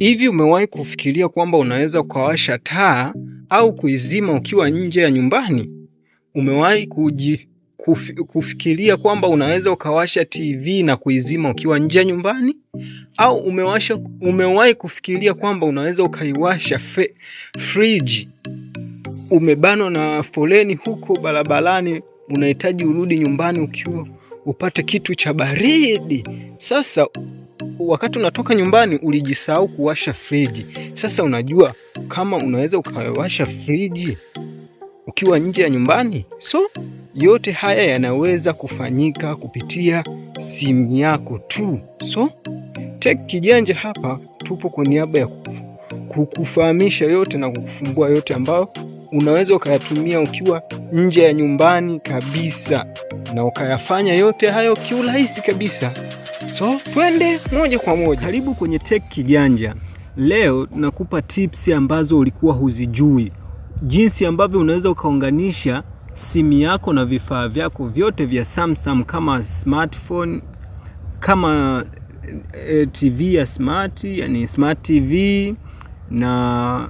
Hivi umewahi kufikiria kwamba unaweza ukawasha taa au kuizima ukiwa nje ya nyumbani? Umewahi kuji kuf, kufikiria kwamba unaweza ukawasha TV na kuizima ukiwa nje ya nyumbani? Au umewasha umewahi kufikiria kwamba unaweza ukaiwasha friji? Umebanwa na foleni huko barabarani, unahitaji urudi nyumbani ukiwa upate kitu cha baridi. Sasa wakati unatoka nyumbani ulijisahau kuwasha friji. Sasa unajua kama unaweza ukawasha friji ukiwa nje ya nyumbani. So yote haya yanaweza kufanyika kupitia simu yako tu. So tek Kijanja hapa tupo kwa niaba ya kukufahamisha yote na kukufungua yote ambayo unaweza ukayatumia ukiwa nje ya nyumbani kabisa na ukayafanya yote hayo kiurahisi kabisa. So twende moja kwa moja, karibu kwenye Tech Kijanja. Leo nakupa tips ambazo ulikuwa huzijui, jinsi ambavyo unaweza ukaunganisha simu yako na vifaa vyako vyote vya Samsung kama smartphone, kama eh, eh, TV ya smart, yani smart TV na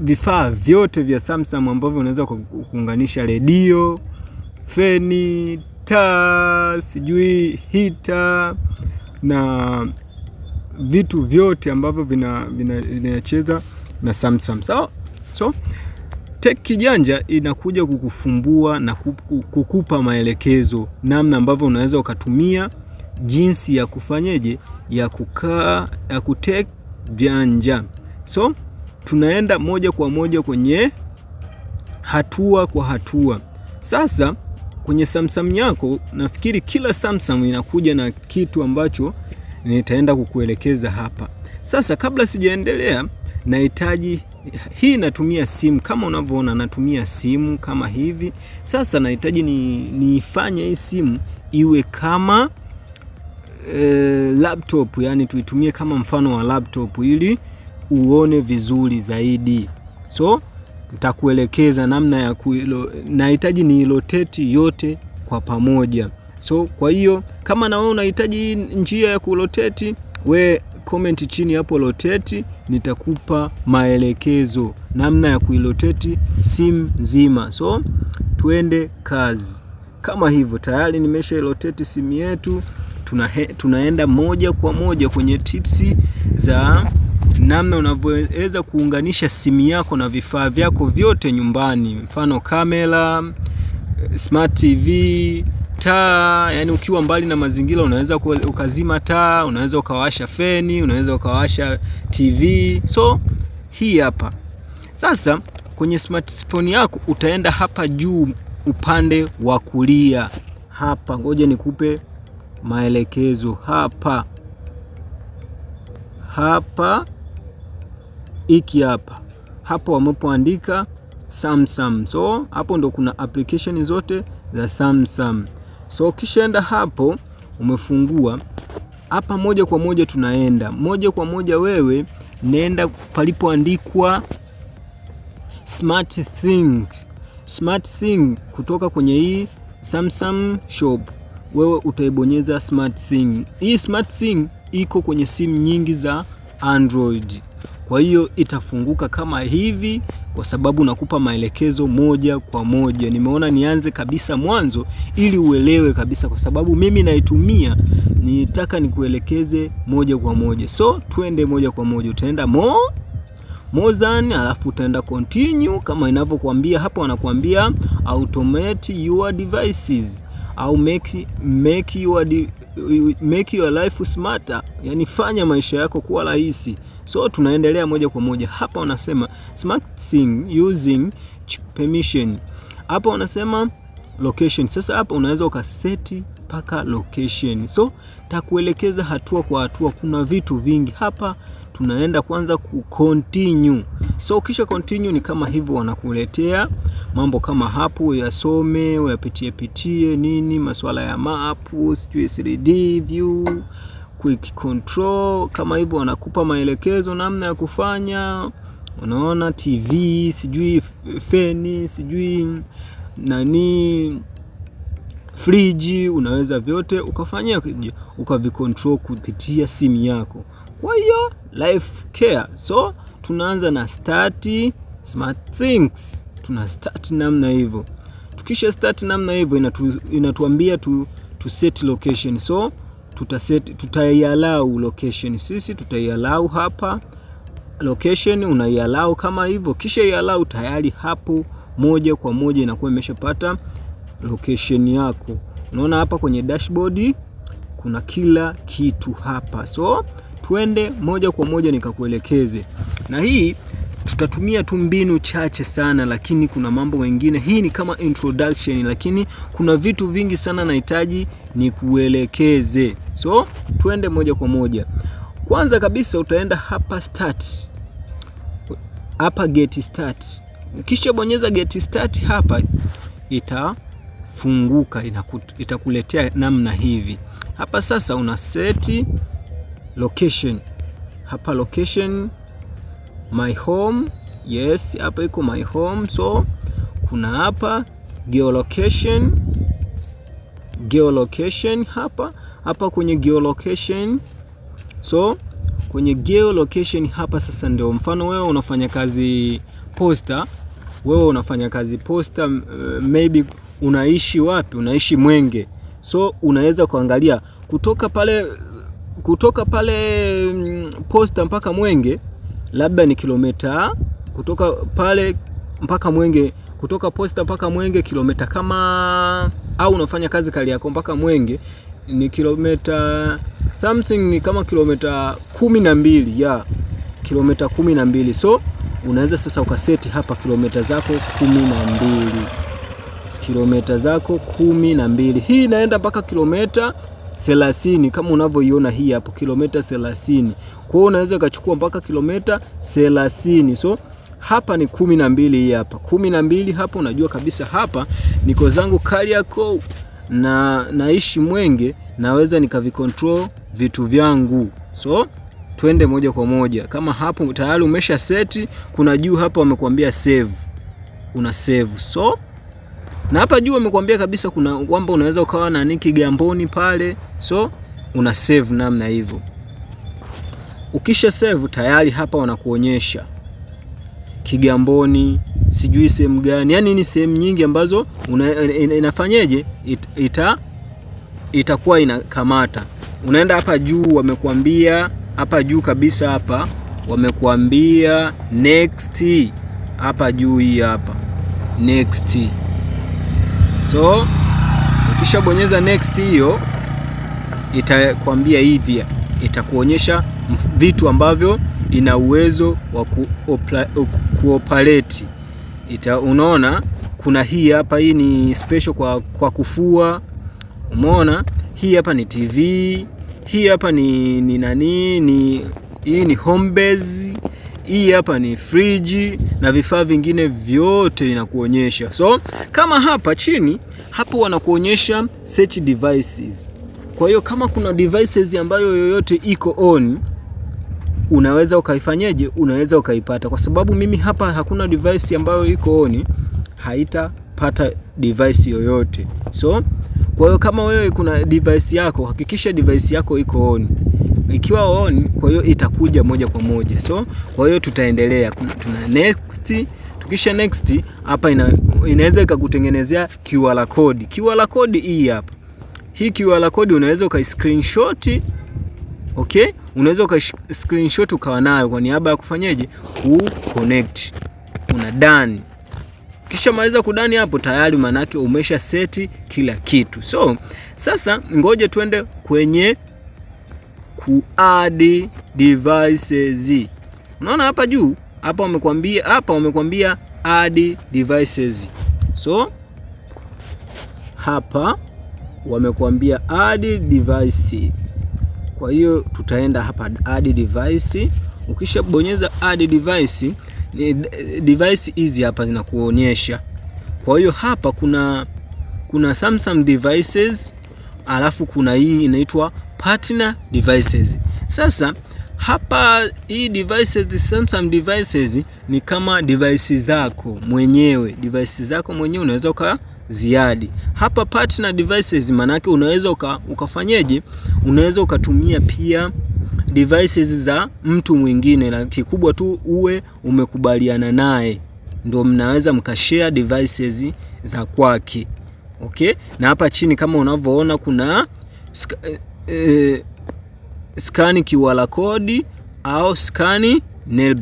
vifaa vyote vya Samsung ambavyo unaweza kuunganisha redio, feni, taa, sijui hita na vitu vyote ambavyo vinacheza vina, vina na Samsung so, so Tech Kijanja inakuja kukufumbua na kukupa maelekezo namna ambavyo unaweza ukatumia jinsi ya kufanyeje ya kukaa ya kutek janja so tunaenda moja kwa moja kwenye hatua kwa hatua. Sasa kwenye Samsung yako, nafikiri kila Samsung inakuja na kitu ambacho nitaenda kukuelekeza hapa. Sasa kabla sijaendelea, nahitaji hii, natumia simu kama unavyoona, natumia simu kama hivi. Sasa nahitaji niifanye hii simu iwe kama e, laptop, yani tuitumie kama mfano wa laptop ili uone vizuri zaidi. So nitakuelekeza namna ya kuilo, nahitaji rotate yote kwa pamoja. So kwa hiyo kama na wewe unahitaji njia ya kuloteti, we comment chini hapo loteti, nitakupa maelekezo namna ya kuiloteti simu nzima. So tuende kazi kama hivyo. Tayari nimesha iloteti simu yetu. Tuna he, tunaenda moja kwa moja kwenye tipsi za namna unavyoweza kuunganisha simu yako na vifaa vyako vyote nyumbani, mfano kamera, smart TV, taa. Yani ukiwa mbali na mazingira unaweza ukazima taa, unaweza ukawasha feni, unaweza ukawasha TV. So hii hapa sasa, kwenye smartphone yako utaenda hapa juu upande wa kulia hapa, ngoja nikupe maelekezo hapa hapa hiki hapa hapo wamepoandika Samsung. So hapo ndo kuna application zote za Samsung. So kishaenda hapo umefungua hapa, moja kwa moja tunaenda moja kwa moja, wewe nenda palipoandikwa smart thing. Smart thing kutoka kwenye hii Samsung shop, wewe utaibonyeza smart thing. Hii smart thing iko kwenye simu nyingi za Android. Kwa hiyo itafunguka kama hivi, kwa sababu nakupa maelekezo moja kwa moja. Nimeona nianze kabisa mwanzo ili uelewe kabisa, kwa sababu mimi naitumia, nitaka nikuelekeze moja kwa moja. So twende moja kwa moja, utaenda mo Mozan alafu utaenda continue kama inavyokuambia hapo, wanakuambia automate your devices au make, make, your, make your life smarter, yani fanya maisha yako kuwa rahisi. So tunaendelea moja kwa moja hapa, wanasema thing using permission. Hapa wanasema location. Sasa hapa unaweza ukaseti mpaka location, so takuelekeza hatua kwa hatua. Kuna vitu vingi hapa tunaenda kwanza ku continue. So kisha continue ni kama hivyo, wanakuletea mambo kama hapo, yasome uyapitie pitie, nini masuala ya map, sijui 3D view control kama hivyo, wanakupa maelekezo namna ya kufanya. Unaona TV sijui feni sijui nani friji, unaweza vyote ukafanyia ukavicontrol kupitia simu yako. Kwa hiyo life care, so tunaanza na start smart things, tuna start namna hivyo. Tukisha start namna hivyo, inatu, inatuambia tu, tu set location so tutaialau location sisi, tutaialau hapa location, unaialau kama hivyo, kisha ialau tayari, hapo moja kwa moja inakuwa imeshapata location yako. Unaona hapa kwenye dashboard kuna kila kitu hapa, so twende moja kwa moja nikakuelekeze. Na hii tutatumia tu mbinu chache sana, lakini kuna mambo mengine. Hii ni kama introduction, lakini kuna vitu vingi sana nahitaji nikuelekeze. So tuende moja kwa moja. Kwanza kabisa utaenda hapa start, hapa get start. Kisha bonyeza get start hapa, itafunguka itakuletea namna hivi hapa. Sasa una set location hapa, location my home. Yes, hapa iko my home. So kuna hapa geolocation, geolocation hapa hapa kwenye geolocation. So kwenye geolocation hapa sasa ndio mfano wewe unafanya kazi posta, wewe unafanya kazi posta, maybe unaishi wapi? Unaishi Mwenge, so unaweza kuangalia kutoka pale kutoka pale posta mpaka Mwenge labda ni kilomita kutoka pale mpaka Mwenge, kutoka posta mpaka Mwenge kilomita kama, au unafanya kazi Kariakoo mpaka Mwenge ni kilomita something ni kama kilomita kumi na mbili ya kilomita kumi na mbili so unaweza sasa ukaseti hapa kilomita zako kumi na mbili kilomita zako kumi na mbili hii inaenda mpaka kilomita 30 kama unavyoiona hii hapo kilomita 30. Kwa hiyo unaweza ukachukua mpaka kilomita 30. So hapa ni kumi na mbili hii hapa kumi na mbili hapa, unajua kabisa hapa niko zangu Kariakoo na naishi Mwenge, naweza nikavicontrol vitu vyangu. So twende moja kwa moja, kama hapo tayari umesha seti, kuna juu hapa wamekuambia save, una save so na hapa juu wamekuambia kabisa kuna kwamba unaweza ukawa na niki gamboni pale, so una save namna hivyo. Ukisha save tayari hapa wanakuonyesha Kigamboni, sijui sehemu gani, yani ni sehemu nyingi ambazo una, inafanyeje ita itakuwa inakamata. Unaenda hapa juu, wamekuambia hapa juu kabisa, hapa wamekuambia next, hapa juu hii hapa next. So ukishabonyeza next hiyo itakwambia hivi, itakuonyesha vitu ambavyo ina uwezo wa ku kuoperate ita, unaona kuna hii hapa, hii ni special kwa, kwa kufua. Umeona hii hapa ni TV, hii hapa ni, ni nani ni hii ni home base, hii hapa ni friji na vifaa vingine vyote inakuonyesha. So kama hapa chini hapo wanakuonyesha search devices. Kwa hiyo kama kuna devices ambayo yoyote iko on unaweza ukaifanyaje, unaweza ukaipata, kwa sababu mimi hapa hakuna device ambayo iko on haitapata device yoyote. So kwa hiyo kama wewe kuna device yako, hakikisha device yako iko on. Ikiwa on, kwa hiyo itakuja moja kwa moja. So kwa hiyo tutaendelea, tuna next tukisha next hapa ina, inaweza ikakutengenezea QR code. QR code hii hapa, hii QR code unaweza ukai screenshot okay? Unaweza uka screenshot ukawa nayo kwa niaba ya kufanyaje ku connect. Una done. Kisha maliza kudani hapo tayari, manake umesha seti kila kitu. So sasa ngoje tuende kwenye kuadd devices. Unaona hapa juu hapa wamekwambia hapa wamekwambia add devices. So hapa wamekwambia add devices. Kwa hiyo tutaenda hapa add device. Ukishabonyeza add device, device hizi hapa zinakuonyesha. Kwa hiyo hapa kuna kuna Samsung devices alafu kuna hii inaitwa partner devices. Sasa hapa hii devices, Samsung devices ni kama device zako mwenyewe, device zako mwenyewe unaweza uka ziadi hapa partner devices, maanake unaweza uka, ukafanyeje? Unaweza ukatumia pia devices za mtu mwingine, na kikubwa tu uwe umekubaliana naye, ndio mnaweza mkashare devices za kwake. Okay, na hapa chini kama unavyoona kuna sk eh, eh, scan QR code au scan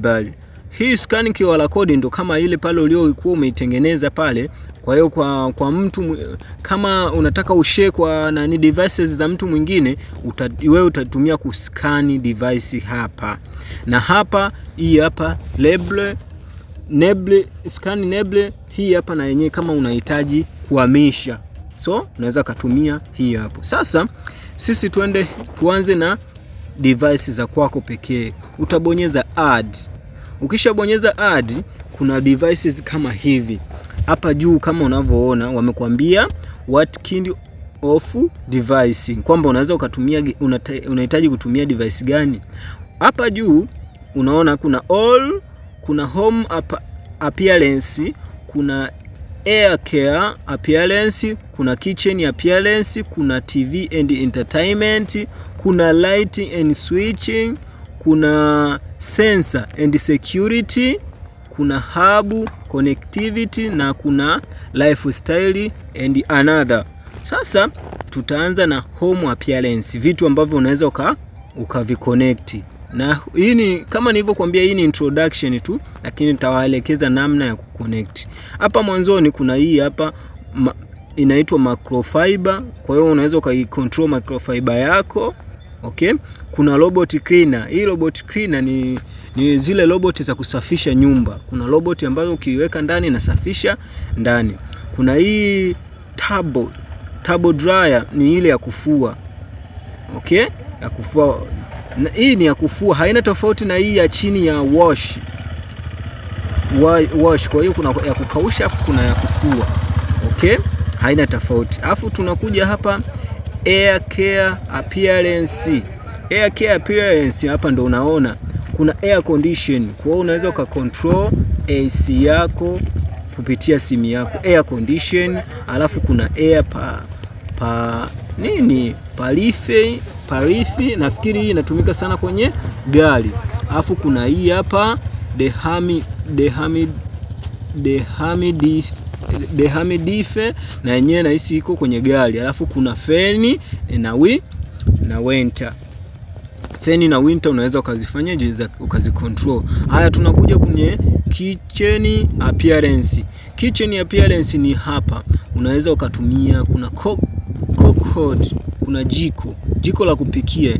bar. Hii scan QR code ndo kama ile pale uliokuwa umeitengeneza pale kwa hiyo kwa, kwa mtu kama unataka ushare kwa nani devices za mtu mwingine uta, wewe utatumia kuskani device hapa na hapa, hii hapa label neble, scan neble hii hapa, na yenyewe kama unahitaji kuhamisha, so unaweza kutumia hii hapo. Sasa sisi tuende tuanze na device za kwako pekee, utabonyeza add. Ukishabonyeza add, kuna devices kama hivi hapa juu kama unavyoona wamekuambia what kind of device, kwamba unaweza ukatumia, unahitaji kutumia device gani. Hapa juu unaona kuna all, kuna home appearance, kuna air care appearance, kuna kitchen appearance, kuna TV and entertainment, kuna lighting and switching, kuna sensor and security kuna hub connectivity na kuna lifestyle and another. Sasa tutaanza na home appearance, vitu ambavyo unaweza uka ukaviconnect na hii ni kama nilivyokuambia, hii ni introduction tu, lakini nitawaelekeza namna ya kuconnect. Hapa mwanzoni kuna hii hapa inaitwa microfiber. Kwa hiyo unaweza ukaicontrol microfiber yako okay? Kuna robot cleaner. Hii robot cleaner ni, ni zile robot za kusafisha nyumba. Kuna robot ambayo ukiweka ndani inasafisha ndani. Kuna hii turbo, turbo dryer ni ile ya kufua okay? ya kufua na, hii ni ya kufua, haina tofauti na hii ya chini ya wash wash. Kwa hiyo kuna ya kukausha, kuna ya kufua okay? haina tofauti. Alafu tunakuja hapa air care appearance. Air care appearance hapa ndo unaona kuna air condition, kwa hiyo unaweza control AC yako kupitia simu yako air condition, alafu kuna air pa, pa nini parifi parifi, nafikiri hii inatumika sana kwenye gari, alafu kuna hii hapa the hamid the hamid the Dehame Dife na yenyewe nahisi iko kwenye gari, alafu kuna feni eh, na wi na winter feni na winter unaweza ukazifanya ukazi control. Haya, tunakuja kwenye kitchen appearance. Kitchen appearance ni hapa, unaweza ukatumia kuna cook, cookhood, kuna jiko jiko la kupikia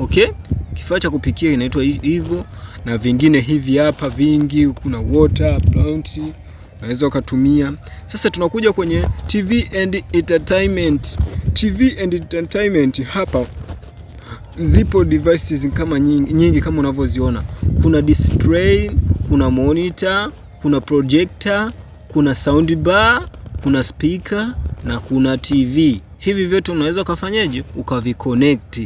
okay? Kifaa cha kupikia inaitwa hivyo, na vingine hivi hapa vingi, kuna water plant unaweza ukatumia. Sasa tunakuja kwenye TV and entertainment. TV and entertainment hapa zipo devices kama nyingi, nyingi kama unavyoziona, kuna display, kuna monitor, kuna projector, kuna sound bar, kuna speaker na kuna TV. Hivi vyote unaweza ukafanyaje? Ukaviconnect.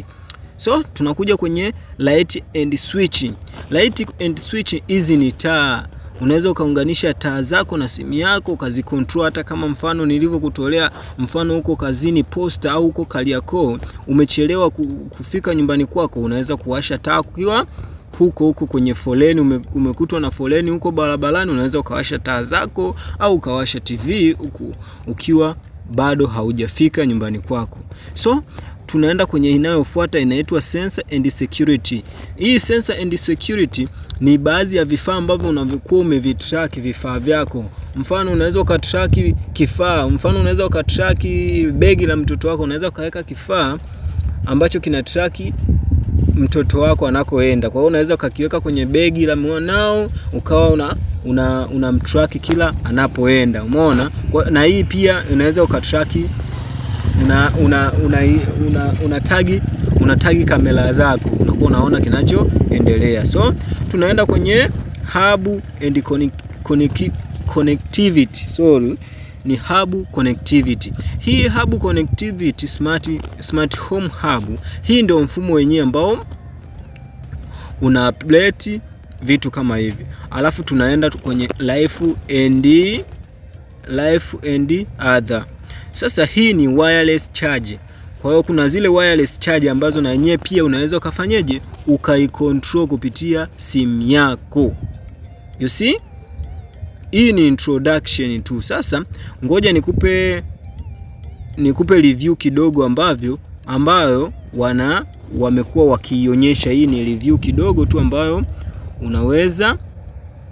So tunakuja kwenye light and switching. Light and switching hizi ni taa unaweza ukaunganisha taa zako na simu yako ukazikontrol, hata kama mfano nilivyokutolea mfano, huko kazini posta au huko Kariakoo umechelewa kufika nyumbani kwako, unaweza kuwasha taa ukiwa huko huko kwenye foleni, umekutwa na foleni huko barabarani, unaweza ukawasha taa zako au ukawasha TV huku ukiwa bado haujafika nyumbani kwako. So tunaenda kwenye inayofuata inaitwa sensor and security. Hii sensor and security ni baadhi ya vifaa ambavyo unavyokuwa umevitrack vifaa vyako. Mfano unaweza ukatrack kifaa, mfano unaweza ukatrack begi la mtoto wako, unaweza ukaweka kifaa ambacho kina track mtoto wako anakoenda. Kwa hiyo unaweza ukakiweka kwenye begi la mwanao ukawa una una, una mtrack kila anapoenda, umeona. Na hii pia unaweza ukatrack una una una, una, una tagi unatagi kamera zako, unakuwa unaona kinachoendelea. So tunaenda kwenye hub and connectivity So ni hub connectivity. Hii hub connectivity smart, smart home hub hii ndio mfumo wenyewe ambao una update vitu kama hivi, alafu tunaenda kwenye life and, life and other. Sasa hii ni wireless charge. Kwa hiyo kuna zile wireless charge ambazo na yenyewe pia unaweza ukafanyeje ukaicontrol kupitia simu yako. You see? Hii ni introduction tu. Sasa ngoja nikupe nikupe review kidogo ambavyo ambayo wana wamekuwa wakiionyesha. Hii ni review kidogo tu ambayo unaweza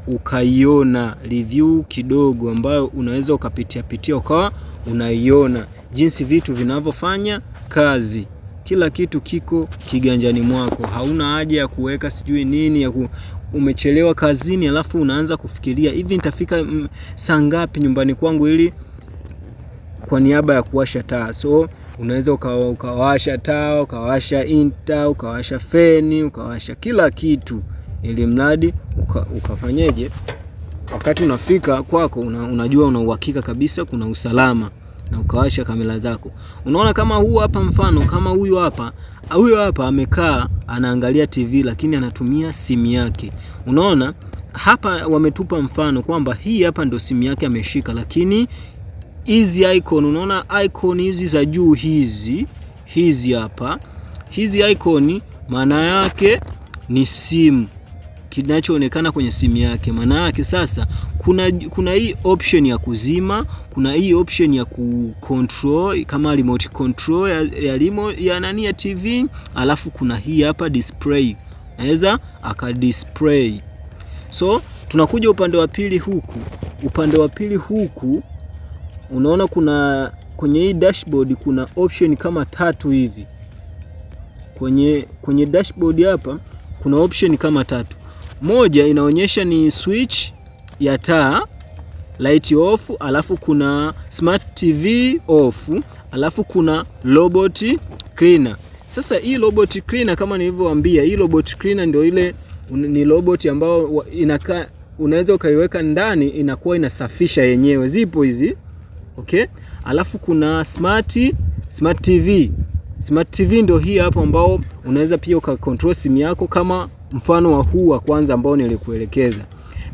ukaiona, review kidogo ambayo unaweza ukapitia pitia ukawa unaiona jinsi vitu vinavyofanya kazi. Kila kitu kiko kiganjani mwako, hauna haja ya kuweka sijui nini ya ku... umechelewa kazini, alafu unaanza kufikiria hivi nitafika mm, saa ngapi nyumbani kwangu, ili kwa niaba ya kuwasha taa. So unaweza ukawasha taa, ukawasha inta, ukawasha feni, ukawasha kila kitu, ili mradi uka, ukafanyeje wakati unafika kwako, una, unajua una uhakika kabisa kuna usalama na ukawasha kamera zako. Unaona kama huu hapa mfano, kama huyu hapa, ah, huyu hapa amekaa anaangalia TV lakini anatumia simu yake. Unaona hapa wametupa mfano kwamba hii hapa ndio simu yake ameshika, lakini hizi icon, unaona icon hizi za juu hizi hizi hapa, hizi icon maana yake ni simu kinachoonekana kwenye simu yake. Maana yake sasa kuna, kuna hii option ya kuzima, kuna hii option ya kucontrol kama remote control ya, ya, limo, ya nani ya TV, alafu kuna hii hapa display, naweza aka display. So tunakuja upande wa pili huku, upande wa pili huku unaona kuna kwenye hii dashboard kuna option kama tatu hivi kwenye, kwenye dashboard hapa kuna option kama tatu. Moja inaonyesha ni switch ya taa light off, alafu kuna smart tv off, alafu kuna robot cleaner. Sasa hii robot cleaner kama nilivyowaambia, hii robot cleaner ndio ile ni robot ambayo inakaa, unaweza ukaiweka ndani inakuwa inasafisha yenyewe. Zipo hizi okay. Alafu kuna smart smart tv. Smart tv ndio hii hapo, ambao unaweza pia ukacontrol simu yako kama mfano wa huu wa kwanza ambao nilikuelekeza.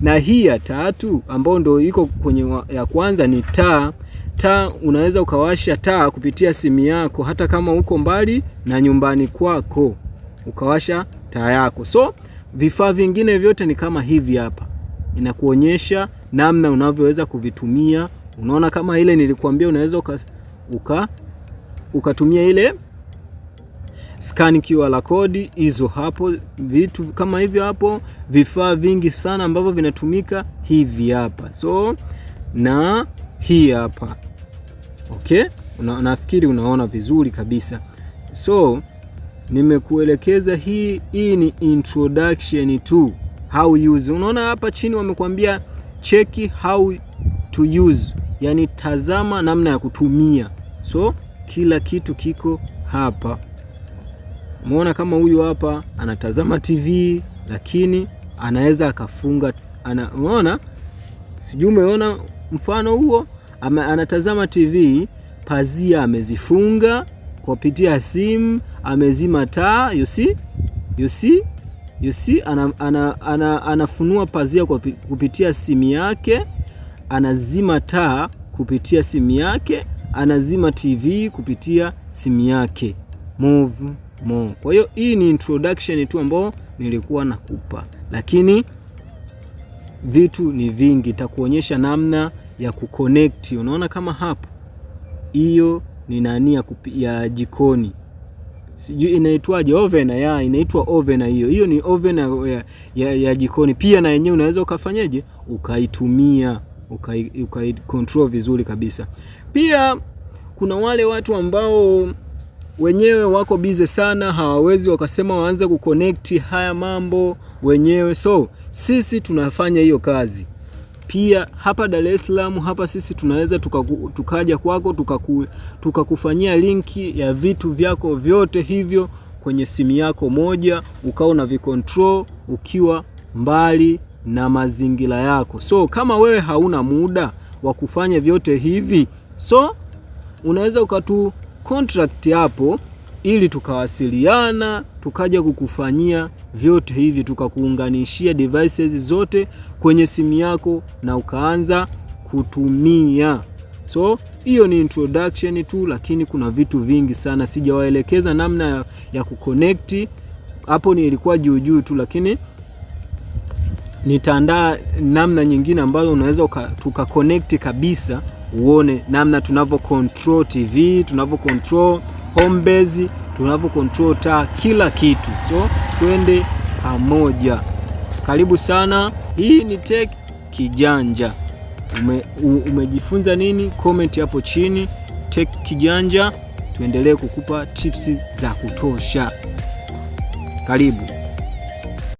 Na hii ya tatu ambao ndio iko kwenye ya kwanza ni taa. Taa unaweza ukawasha taa kupitia simu yako, hata kama uko mbali na nyumbani kwako, ukawasha taa yako. So vifaa vingine vyote ni kama hivi hapa, inakuonyesha namna unavyoweza kuvitumia. Unaona, kama ile nilikuambia, unaweza uka, uka ukatumia ile scan QR code hizo hapo, vitu kama hivyo hapo, vifaa vingi sana ambavyo vinatumika hivi hapa, so na hii hapa okay. Una, nafikiri unaona vizuri kabisa so nimekuelekeza hii. Hii ni introduction to how use. Unaona hapa chini wamekwambia cheki how to use, yani tazama namna ya kutumia. So kila kitu kiko hapa. Umeona kama huyu hapa anatazama TV lakini anaweza akafunga ana, umeona? Sijui umeona mfano huo ama anatazama TV pazia amezifunga kupitia simu, amezima taa, you see? You see? You see? Ana, ana, ana, anafunua pazia kupitia simu yake, anazima taa kupitia simu yake, anazima TV kupitia simu yake. Move more. Kwa hiyo hii ni introduction tu ambayo nilikuwa nakupa, lakini vitu ni vingi, takuonyesha namna ya kuconnect. Unaona kama hapo, hiyo ni nani ya, ya jikoni sijui inaitwaje, oven ya inaitwa oven. Hiyo hiyo ni oven ya, ya, ya jikoni pia, na yenyewe unaweza ukafanyaje, ukaitumia ukai ukai vizuri kabisa. Pia kuna wale watu ambao wenyewe wako bize sana, hawawezi wakasema waanze kuconnect haya mambo wenyewe, so sisi tunafanya hiyo kazi pia hapa Dar es Salaam hapa sisi tunaweza tukaku, tukaja kwako tukaku, tukakufanyia linki ya vitu vyako vyote hivyo kwenye simu yako moja, ukawa na vicontrol ukiwa mbali na mazingira yako. So kama wewe hauna muda wa kufanya vyote hivi, so unaweza ukatu contract hapo ili tukawasiliana tukaja kukufanyia vyote hivi tukakuunganishia devices zote kwenye simu yako na ukaanza kutumia. So hiyo ni introduction tu, lakini kuna vitu vingi sana sijawaelekeza namna ya, ya kuconnect hapo, ni ilikuwa juu juu tu, lakini nitaandaa namna nyingine ambayo unaweza tukaconnect kabisa uone namna tunavyo control TV, tunavyo control home base, tunavyo control taa, kila kitu. So twende pamoja, karibu sana. Hii ni Tech Kijanja. Ume, u, umejifunza nini? Comment hapo chini. Tech Kijanja, tuendelee kukupa tips za kutosha. Karibu.